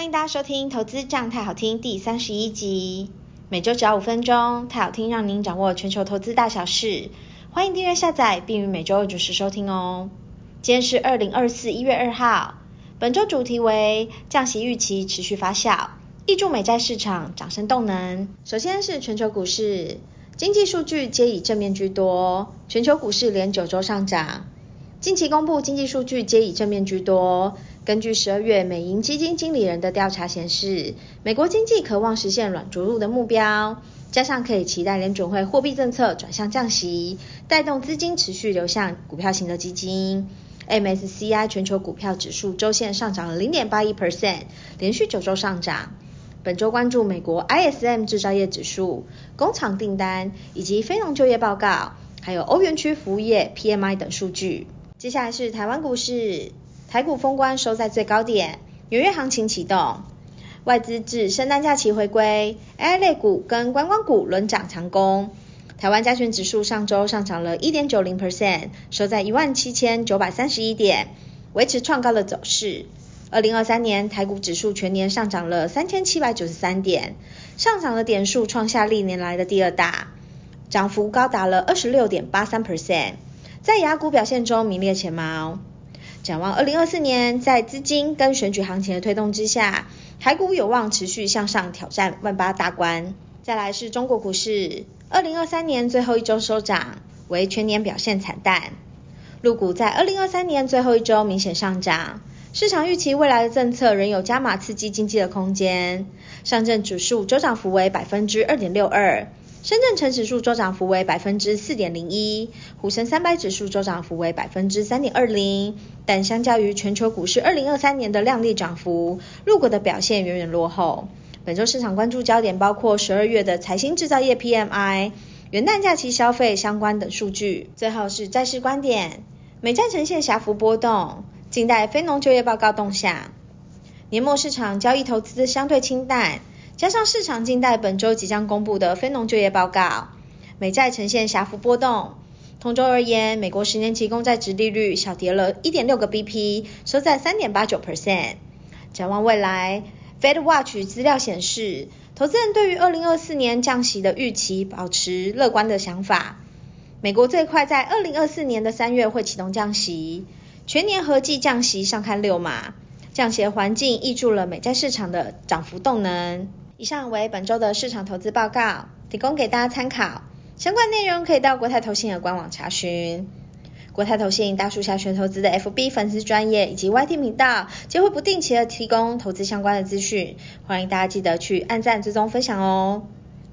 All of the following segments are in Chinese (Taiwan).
歡迎大家收聽《投資！這樣，泰好聽》第三十一集，每週只要五分鐘，太好聽讓您掌握全球投資大小事。歡迎訂閱下載，並於每週二準時收聽哦。今天是二零二四一月二號，本週主題為降息預期持續發酵，挹注美債市場漲升動能。首先是全球股市，經濟數據皆以正面居多，全球股市連九週上漲。近期公布經濟數據皆以正面居多。根據十二月美銀基金經理人的調查顯示，美國經濟渴望實現軟着陸的目標，加上可以期待聯準會貨幣政策轉向降息，帶動資金持續流向股票型的基金。MSCI 全球股票指數周線上漲了零點八一 percent，連續九周上漲。本周關注美國 ISM 製造業指數、工廠訂單以及非農就業報告，還有歐元區服務業 PMI 等數據。接下來是台灣股市。台股封關收在最高點，元月行情啟動，外資自聖誕假期回歸，AI 類股跟觀光股輪漲強,強攻。台灣加權指數上周上漲了1.90%，收在17,931點，維持創高的走勢。2023年台股指數全年上漲了3,793點，上漲的點數創下歷年來的第二大，漲幅高達了26.83%，在亞股表現中名列前茅。展望二零二四年，在資金跟選舉行情的推動之下，台股有望持續向上挑戰萬八大關。再來是中國股市，二零二三年最後一週收漲，惟全年表現慘淡。陸股在二零二三年最後一週明顯上漲，市場預期未來的政策仍有加碼刺激經濟的空間。上證指數週漲幅為百分之二點六二。深證成指指數週漲幅為百分之四點零一，滬深三百指數週漲幅為百分之三點二零，但相較於全球股市二零二三年的亮麗漲幅，陸股的表現遠遠落後。本周市場關注焦點包括十二月的財新制造業 PMI、元旦假期消費相關等數據。最後是債市觀點，美債呈現狹幅波動，靜待非農就業報告動向。年末市場交易投資相對清淡。加上市場靜待本周即將公布的非農就業報告，美債呈現狹幅波動。同周而言，美國十年期公債殖利率小跌了一點六個 BP，收在三點八九 percent。展望未來，Fed Watch 資料顯示，投資人對於二零二四年降息的預期保持樂觀的想法。美國最快在二零二四年的三月會啟動降息，全年合計降息上看六碼。降息的環境挹注了美債市場的漲幅動能。以上為本周的市場投資報告，提供給大家參考。相關內容可以到國泰投信的官網查詢。國泰投信大樹下學投資的 FB 粉絲專頁以及 YT 頻道，將會不定期的提供投資相關的資訊，歡迎大家記得去按讚、追蹤、分享哦。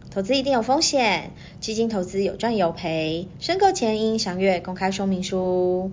投資一定有風險，基金投資有賺有賠，申購前應詳閱公開說明書。